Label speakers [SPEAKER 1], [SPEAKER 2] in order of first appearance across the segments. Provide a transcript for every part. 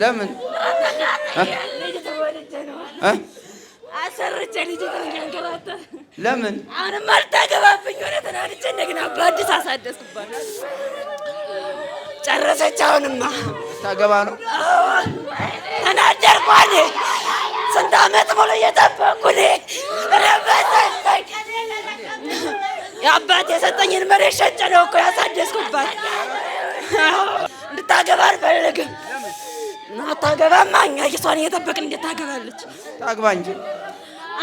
[SPEAKER 1] ለምን አሰርቼ ልጅ ተንገላታ። ለምን አሁንም አልታገባብኝ ሆነ እንደገና በአዲስ
[SPEAKER 2] አሳደስኩባት። ጨረሰች። አሁንማ ታገባ ነው። ስንት አመት ሙሉ እየጠበኩ አባት የሰጠኝን መሬት ሸጬ ነው እኮ ያሳደስኩባት። እንድታገባ አልፈልግም አታገባማ። እኛ እሷን እየጠበቅን እንዴት ታገባለች? ታግባ እንጂ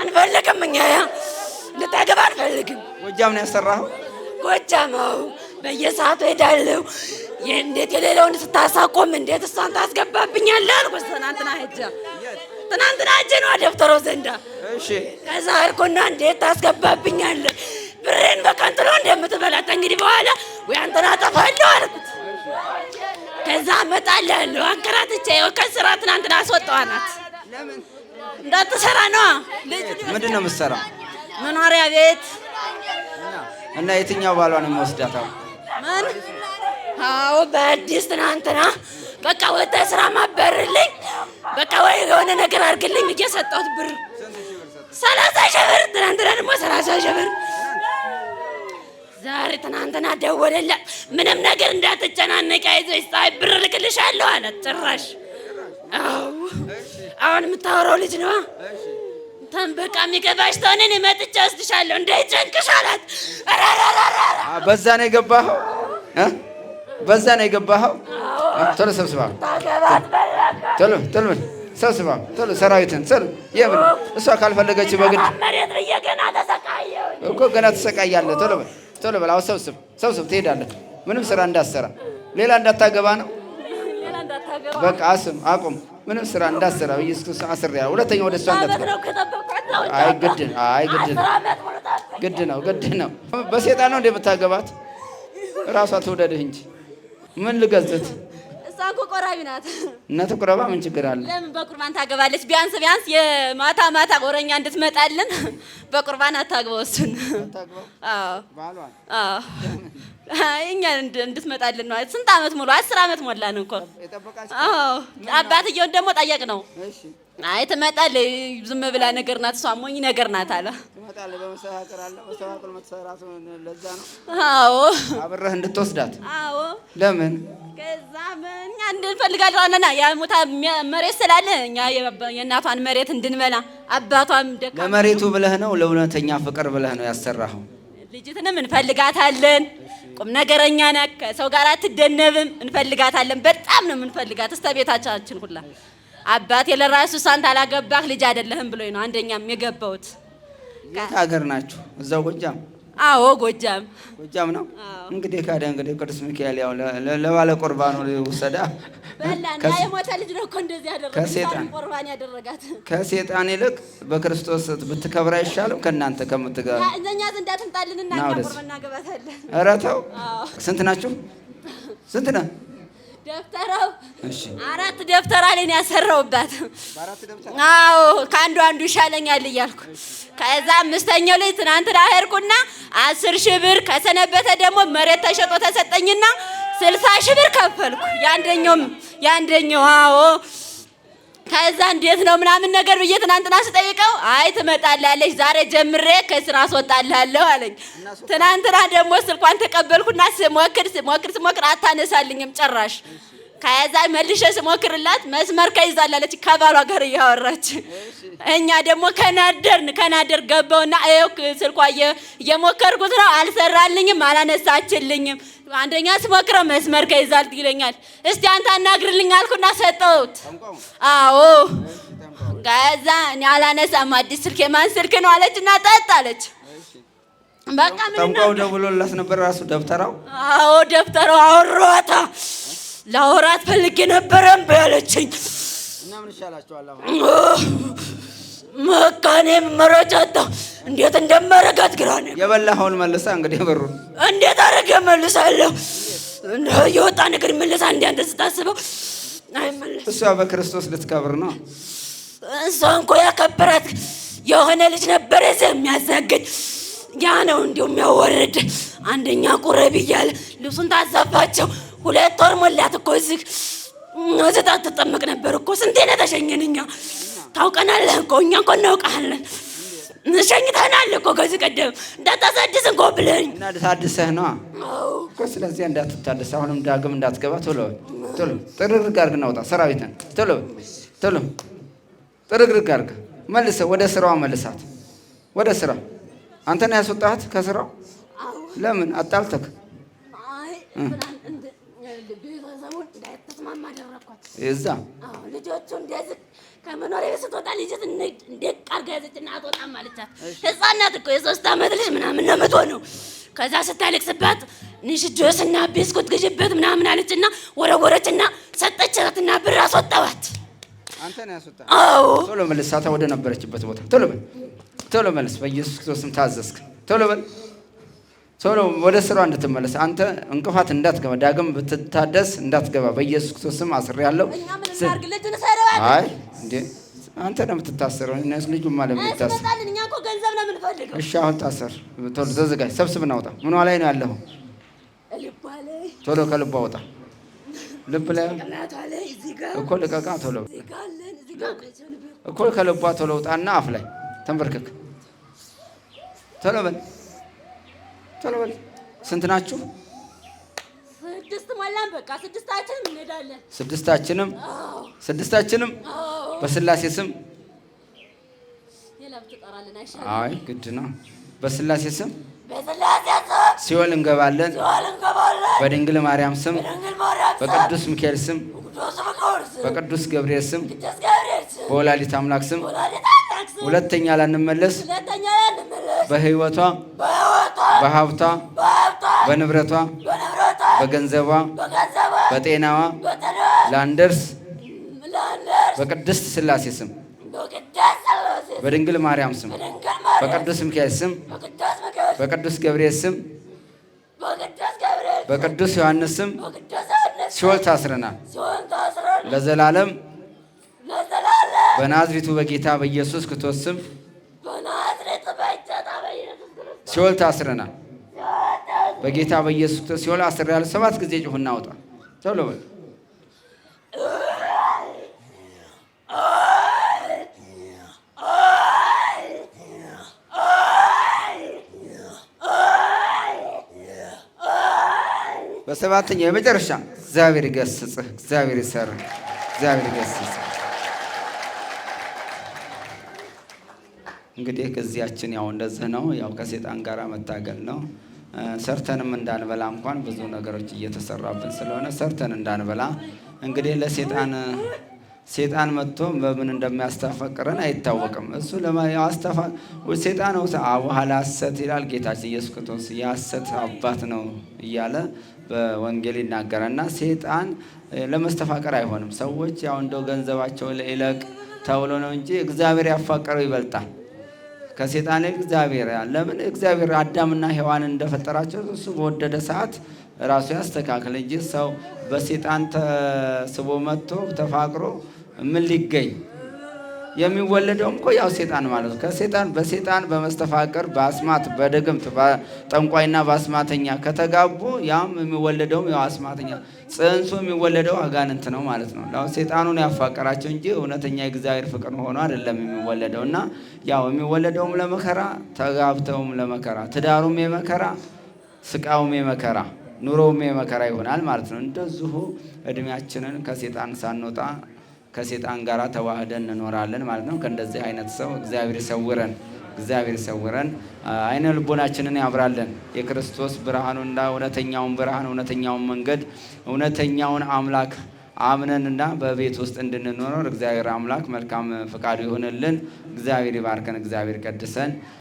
[SPEAKER 2] አንፈልግም። እኛ ያ እንድታገባ አንፈልግም።
[SPEAKER 1] ጎጃም ነው ያሰራኸው?
[SPEAKER 2] ጎጃም በየሰዓቱ ሄዳለሁ። እንዴት የሌለውን ስታሳቆም እንዴት እሷን ታስገባብኛለህ አልኩት። ትናንትና ሂጅ ትናንትና ሂጅ ነው ደብተሮ ዘንዳ። እሺ ከዛ አልኩና እንዴት ታስገባብኛለህ ብሬን በቀንትሎ እንደምትበላት እንግዲህ በኋላ ወይ አንተን አጠፋለሁ አልኩት። ከዛ አመጣልሃለሁ። አንከራትቼ ከስራ ትናንትና አስወጣኋት። እንዳትሰራ ነዋ።
[SPEAKER 1] ምንድን ነው የምትሰራው?
[SPEAKER 2] መኖሪያ ቤት
[SPEAKER 1] እና የትኛው ባሏን የምወስዳት
[SPEAKER 2] ምን? አዎ በአዲስ ትናንትና በቃ ወተህ ስራ ማበርልኝ በቃ ወይ የሆነ ነገር አድርግልኝ እየሰጠሁት ብር ሰላሳ ሺህ ብር ትናንትና ደግሞ ሰላሳ ሺህ ብር ዛሬ ትናንትና ደወለላ ምንም ነገር እንዳትጨናነቂ አይዞሽ ፀሐይ ብር ልክልሻለሁ አላት። ጭራሽ አሁን የምታወራው ልጅ ነው። ነዋ። በቃ የሚገባሽ ተሆነ እኔ መጥቼ ወስድሻለሁ እንዳይጨንቅሽ አላት።
[SPEAKER 1] በዛ ነው የገባኸው፣ በዛ ነው የገባኸው። ቶሎ ሰብስባ ቶሎ ቶሎ ሰብስባ ቶሎ ሰራዊትን ቶሎ የምን እሷ ካልፈለገች በግድ እኮ ገና ተሰቃያለ። ቶሎ በል ቶሎ በል አሁን ሰብስብ ሰብስብ ትሄዳለህ ምንም ስራ እንዳሰራ ሌላ እንዳታገባ ነው። በቃ አስም አቁም። ምንም ስራ እንዳሰራ ኢየሱስ አስር ያለ ሁለተኛ ወደ እሷ እንዳትገባ። አይ ግድ አይ ግድ ነው ግድ ነው ግድ ነው። በሴጣን ነው እንደምታገባት እራሷ ትውደድህ እንጂ ምን ልገዝት?
[SPEAKER 2] እሷ ቆራቢ ናት።
[SPEAKER 1] እናት ቆረባ ምን ችግር አለ?
[SPEAKER 2] ለምን በቁርባን ታገባለች? ቢያንስ ቢያንስ የማታ ማታ ቆረኛ እንድትመጣልን በቁርባን አታግባው። እሱን አዎ ባሏን አዎ እኛ እንድትመጣልን ነው። ስንት አመት ሙሉ አስር አመት ሞላን እኮ። አዎ አባትየውን ደግሞ ጠየቅ ነው። አይ ትመጣለች፣ ዝም ብላ ነገር ናት፣ እሷ ሞኝ ነገር ናት አለ።
[SPEAKER 1] አዎ አብረህ እንድትወስዳት። አዎ ለምን?
[SPEAKER 2] ከዛ እኛ እንፈልጋለን የሞታ መሬት ስላለ እኛ የእናቷን መሬት እንድንበላ አባቷም ደካ
[SPEAKER 1] ለመሬቱ ብለህ ነው፣ ለእውነተኛ ፍቅር ብለህ ነው ያሰራኸው።
[SPEAKER 2] ልጅትንም እንፈልጋታለን። ቁም ነገረኛ ናት። ከሰው ጋር አትደነብም። እንፈልጋታለን። በጣም ነው የምንፈልጋት እስከ ቤታችን ሁላ። አባቴ ለራሱ ሳንት አላገባህ ልጅ አይደለህም ብሎኝ ነው አንደኛም የገባሁት።
[SPEAKER 1] የት ሀገር ናችሁ? እዛው ጎጃም?
[SPEAKER 2] አዎ ጎጃም፣
[SPEAKER 1] ጎጃም ነው እንግዲህ። ካደ እንግዲህ ቅዱስ ሚካኤል ያው ለባለ ቁርባኑ ውሰዳ ከሴጣን ይልቅ በክርስቶስ ብትከብር አይሻልም? ከእናንተ ከምትገባ
[SPEAKER 2] እኛ ዘንድ አትምጣልን።
[SPEAKER 1] ኧረ ተው። ስንት ናችሁ? ስንት ነህ?
[SPEAKER 2] ደብተራው አራት ደብተራ ላይ ያሰራውባት። አዎ ከአንዱ አንዱ ይሻለኛል እያልኩ ከዛ አምስተኛው ላይ ትናንትና ሄድኩና አስር ሺህ ብር ከሰነበተ ደግሞ መሬት ተሸጦ ተሰጠኝና ስልሳ ሺህ ብር ከፈልኩ የአንደኛውም የአንደኛው አዎ ከዛ እንዴት ነው ምናምን ነገር ብዬ ትናንትና ስጠይቀው አይ ትመጣላለች፣ ዛሬ ጀምሬ ከስራ አስወጣላለሁ አለኝ። ትናንትና ደግሞ ስልኳን ተቀበልኩና ስሞክር ስሞክር ስሞክር አታነሳልኝም ጭራሽ ከያዛ መልሸ ስሞክርላት መስመር ከይዛላለች ከባሏ ጋር እያወራች እኛ ደግሞ ከናደርን ከናደር ገባውና ይኸው ስልኳ እየሞከርኩት ነው፣ አልሰራልኝም፣ አላነሳችልኝም። አንደኛ ስሞክረው መስመር ከይዛል ይለኛል። እስቲ አንተ አናግርልኝ አልኩና ሰጠውት አዎ ከያዛ እኔ አላነሳም፣ አዲስ ስልክ የማን ስልክ ነው አለችና ጠጥ አለች።
[SPEAKER 1] በቃ ምን ነው ደውሎላት ነበር ራሱ ደብተራው።
[SPEAKER 2] አዎ ደብተራው አወራታ ላወራት ፈልጌ ነበረም በያለችኝ እና ምን መካኔ መረጃ እንዴት እንደማረጋት ግራኔ ነኝ።
[SPEAKER 1] የበላኸውን መልሳ እንግዲህ ብሩን
[SPEAKER 2] እንዴት አድርገ መልሳለሁ። የወጣ ነገር መልሳ እንዲ አንተ ስታስበው
[SPEAKER 1] እሷ በክርስቶስ ልትከብር ነው።
[SPEAKER 2] እሷ እንኮ ያከበራት የሆነ ልጅ ነበረ ዘ የሚያዘግድ ያ ነው እንዲሁ የሚያወርድ አንደኛ ቁረብ እያለ ልብሱን ታዛባቸው ሁለት ወር ሞላት እኮ እዚህ እዚህ ታትጠመቅ ነበር እኮ ስንቴ ነው ተሸኘን። እኛ ታውቀናለህ እኮ እኛ እኮ እናውቃለን። ሸኝተናል እኮ ከዚህ ቀደም እንዳታሳድስ እንኮ ብለኝ
[SPEAKER 1] እናታድሰህ ነ እኮ። ስለዚህ እንዳትታደስ አሁንም ዳግም እንዳትገባ ቶሎ ቶሎ ጥርግርግ አድርግ እናውጣ ሰራዊትን ቶሎ ቶሎ ጥርግርግ አድርግ መልሰ ወደ ስራዋ መልሳት። ወደ ስራ አንተ ነው ያስወጣሃት ከስራው ለምን አጣልተክ? እዛ ልጆቹ
[SPEAKER 2] እንደዚህ ከመኖሪያ ቤት ስትወጣ ልጅ እንዴት ቃርጋ ያዘችና አትወጣም አለቻት። ህፃናት እኮ የሶስት ዓመት ልጅ ምናምን ነው የምትሆነው። ከዛ ስታለቅስባት ንሽ ጆስና ቢስኩት ግዢበት ምናምን አለችና ወረወረችና ሰጠቻትና ብር አስወጣዋት።
[SPEAKER 1] አንተ ነው ያስወጣ። አዎ ቶሎ መልሳታ ወደ ነበረችበት ቦታ ቶሎ በል፣ ቶሎ መልስ። በኢየሱስ ክርስቶስም ታዘዝክ። ቶሎ በል ሰው ወደ ስራው እንድትመለስ አንተ እንቅፋት እንዳትገባ ዳግም ብትታደስ እንዳትገባ በኢየሱስ ክርስቶስ ስም አስሬ ያለው። አይ እንዴ አንተ ነው የምትታሰረው። እነሱ ልጁ ማለት የምትታሰር እሺ፣ አሁን ታሰር። ቶሎ ተዘጋጅ፣ ሰብስብ እናውጣ። ምኗ ላይ ነው ያለኸው? ቶሎ ከልቧ ውጣ። ልብ ላይ እኮ ልቀቃ። ቶሎ እኮ ከልቧ ቶሎ ውጣና አፍ ላይ ተንበርከክ። ቶሎ በል ስንት ናችሁ?
[SPEAKER 2] ስድስት ሞላን። በቃ ስድስታችንም እንሄዳለን።
[SPEAKER 1] ስድስታችንም ስድስታችንም በስላሴ ስም አይ ግድ ነው። በስላሴ ስም ሲኦል እንገባለን። በድንግል ማርያም ስም፣ በቅዱስ ሚካኤል ስም፣ በቅዱስ ገብርኤል ስም፣ በወላዲት አምላክ ስም ሁለተኛ ላንመለስ በህይወቷ በሀብቷ በንብረቷ በገንዘቧ በጤናዋ ላንደርስ በቅድስት ስላሴ ስም በድንግል ማርያም ስም በቅዱስ ሚካኤል ስም በቅዱስ ገብርኤል ስም በቅዱስ ዮሐንስ ስም ሲኦል ታስረናል ለዘላለም በናዝሪቱ በጌታ በኢየሱስ ክርስቶስ ስም ሲወል ታስረናል። በጌታ በኢየሱስ ክርስቶስ ሲወል አስረናል። ሰባት ጊዜ ጩሁ እናውጣ ተብሎ በል በሰባተኛው የመጨረሻ እግዚአብሔር ይገስጽህ፣ እግዚአብሔር ይሰርህ፣ እግዚአብሔር ይገስጽህ። እንግዲህ ከዚያችን ያው እንደዚህ ነው። ያው ከሴጣን ጋር መታገል ነው። ሰርተንም እንዳንበላ እንኳን ብዙ ነገሮች እየተሰራብን ስለሆነ ሰርተን እንዳንበላ እንግዲህ ለሴጣን ሴጣን መጥቶ በምን እንደሚያስተፋቅረን አይታወቅም። እሱ ለማስተፋ ሴጣን ነው በኋላ ሐሰት ይላል ጌታችን ኢየሱስ ክርስቶስ የሐሰት አባት ነው እያለ በወንጌል ይናገራልና ሴጣን ለመስተፋቀር አይሆንም። ሰዎች ያው እንደው ገንዘባቸው ለይለቅ ተብሎ ነው እንጂ እግዚአብሔር ያፋቀረው ይበልጣል። ከሴጣን እግዚአብሔር ያለ ለምን እግዚአብሔር አዳምና ሔዋን እንደፈጠራቸው እሱ በወደደ ሰዓት ራሱ ያስተካከለ እንጂ ሰው በሴጣን ተስቦ መጥቶ ተፋቅሮ ምን ሊገኝ የሚወለደውም እኮ ያው ሴጣን ማለት ነው። ከሴጣን በሴጣን በመስተፋቀር በአስማት በድግምት ጠንቋይና በአስማተኛ ከተጋቡ ያም የሚወለደውም ያው አስማተኛ ጽንሱ የሚወለደው አጋንንት ነው ማለት ነው። ያው ሴጣኑን ያፋቀራቸው እንጂ እውነተኛ የእግዚአብሔር ፍቅር ሆኖ አይደለም የሚወለደው እና ያው የሚወለደውም ለመከራ ተጋብተውም ለመከራ ትዳሩም የመከራ ስቃውም የመከራ ኑሮውም የመከራ ይሆናል ማለት ነው። እንደዚሁ እድሜያችንን ከሴጣን ሳንወጣ ከሴጣን ጋር ተዋህደን እንኖራለን ማለት ነው። ከእንደዚህ አይነት ሰው እግዚአብሔር ሰውረን እግዚአብሔር ሰውረን አይነ ልቦናችንን ያብራለን። የክርስቶስ ብርሃኑና እውነተኛውን ብርሃን እውነተኛውን መንገድ እውነተኛውን አምላክ አምነንና በቤት ውስጥ እንድንኖር እግዚአብሔር አምላክ መልካም ፍቃዱ ይሆንልን። እግዚአብሔር ይባርከን፣ እግዚአብሔር ቀድሰን